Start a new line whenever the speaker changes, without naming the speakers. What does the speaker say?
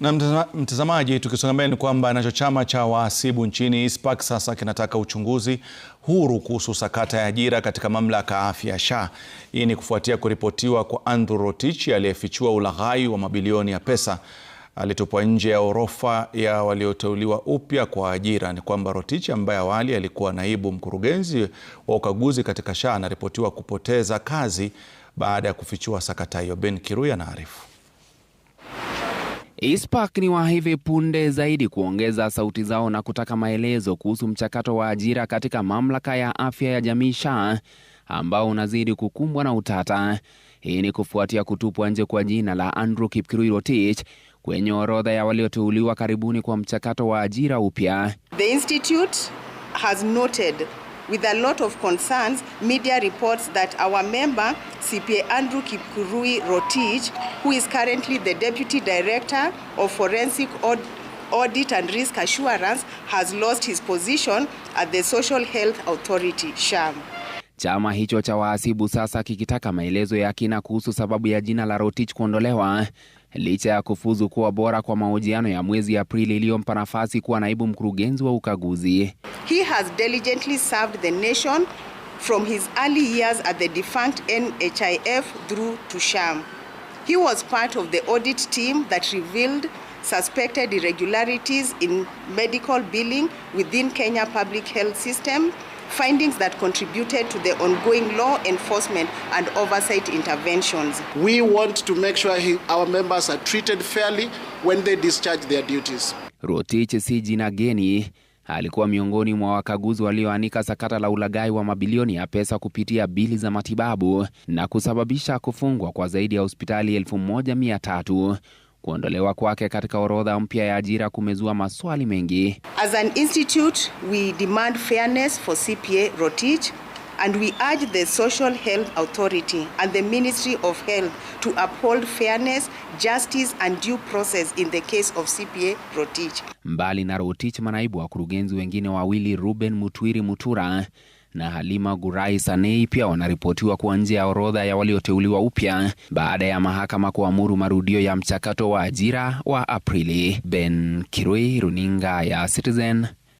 Na mtazamaji, tukisonga mbele ni kwamba nacho chama cha wahasibu nchini ISPAK sasa kinataka uchunguzi huru kuhusu sakata ya ajira katika mamlaka ya afya SHA. Hii ni kufuatia kuripotiwa kwa Andrew Rotich aliyefichua ulaghai wa mabilioni ya pesa alitupwa nje ya orofa ya walioteuliwa upya kwa ajira. Ni kwamba Rotich ambaye awali alikuwa naibu mkurugenzi wa ukaguzi katika SHA anaripotiwa kupoteza kazi baada ya kufichua sakata hiyo. Ben Kirui anaarifu. Ispak ni wa hivi punde zaidi kuongeza sauti zao na kutaka maelezo kuhusu mchakato wa ajira katika mamlaka ya afya ya jamii SHA ambao unazidi kukumbwa na utata. Hii ni kufuatia kutupwa nje kwa jina la Andrew Kipkirui Rotich kwenye orodha ya walioteuliwa karibuni kwa mchakato wa ajira upya.
The institute has noted with a lot of concerns media reports that our member CPA Andrew Kipkurui Rotich who is currently the deputy director of forensic audit and Risk Assurance has lost his position at the Social Health Authority, SHAM.
Chama hicho cha wahasibu sasa kikitaka maelezo ya kina kuhusu sababu ya jina la Rotich kuondolewa licha ya kufuzu kuwa bora kwa mahojiano ya mwezi Aprili iliyompa nafasi kuwa naibu mkurugenzi wa ukaguzi.
He has diligently served the nation from his early years at the defunct NHIF through to Sham. He was part of the audit team that revealed suspected irregularities in medical billing within Kenya public health system findings that contributed to the ongoing law enforcement and oversight interventions.
We want to make sure he, our members are treated fairly when they discharge their duties.
Rotich Geni alikuwa miongoni mwa wakaguzi walioanika sakata la ulaghai wa mabilioni ya pesa kupitia bili za matibabu na kusababisha kufungwa kwa zaidi ya hospitali 1300 Kuondolewa kwake katika orodha mpya ya ajira kumezua maswali mengi.
As an institute, we demand fairness for CPA Rotich and we urge the Social Health Authority and the Ministry of Health to uphold fairness, justice and due process in the case of CPA Rotich.
Mbali na Rotich, manaibu wakurugenzi wengine wawili Ruben Mutwiri Mutura na Halima Gurai Sanei pia wanaripotiwa kuwa nje ya orodha ya walioteuliwa upya baada ya mahakama kuamuru marudio ya mchakato wa ajira wa Aprili. Ben Kirui, Runinga ya Citizen